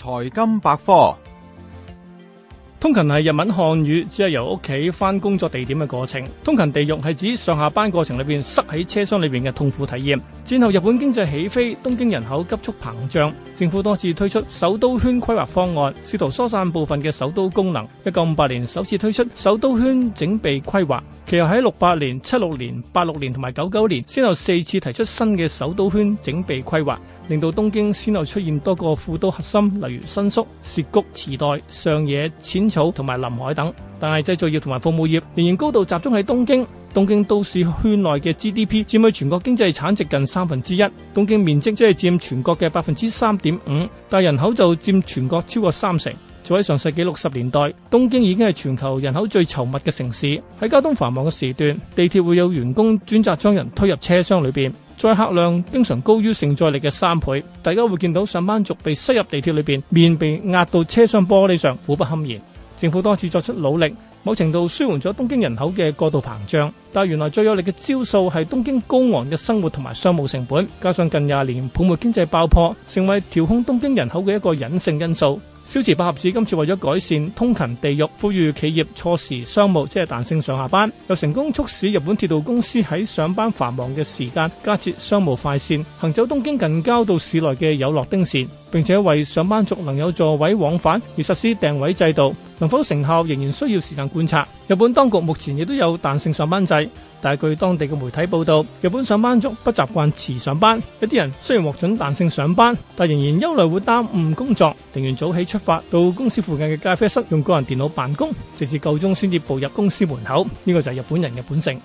財金百科。通勤係日文漢語，只係由屋企返工作地點嘅過程。通勤地獄係指上下班過程裏面塞喺車廂裏面嘅痛苦體驗。戰後日本經濟起飛，東京人口急速膨脹，政府多次推出首都圈規劃方案，試圖疏散部分嘅首都功能。一九五八年首次推出首都圈整備規劃，其後喺六八年、七六年、八六年同埋九九年先後四次提出新嘅首都圈整備規劃，令到東京先後出現多個副都核心，例如新宿、涉谷、池袋、上野、淺草同埋林海等，但係製造業同埋服務業仍然高度集中喺東京。東京都市圈內嘅 GDP 佔去全國經濟產值近三分之一，東京面積即係佔全國嘅百分之三點五，但人口就佔全國超過三成。早喺上世紀六十年代，東京已經係全球人口最稠密嘅城市。喺交通繁忙嘅時段，地鐵會有員工專責將人推入車廂裏邊，載客量經常高於承載力嘅三倍。大家會見到上班族被塞入地鐵裏邊，面被壓到車廂玻璃上，苦不堪言。政府多次作出努力，某程度舒緩咗東京人口嘅過度膨脹，但原來最有力嘅招數係東京高昂嘅生活同埋商務成本，加上近廿年泡沫經濟爆破，成為調控東京人口嘅一個隱性因素。小池百合子今次為咗改善通勤地獄，呼籲企業錯時商務，即係彈性上下班，又成功促使日本鐵道公司喺上班繁忙嘅時間加設商務快線，行走東京近郊到市內嘅有樂町線，並且為上班族能有座位往返而實施訂位制度。能否成效仍然需要時間觀察。日本當局目前亦都有彈性上班制，但係據當地嘅媒體報道，日本上班族不習慣遲上班。有啲人雖然獲准彈性上班，但仍然憂慮會耽誤工作，寧願早起出發到公司附近嘅咖啡室用個人電腦辦公，直至夠鐘先至步入公司門口。呢個就係日本人嘅本性。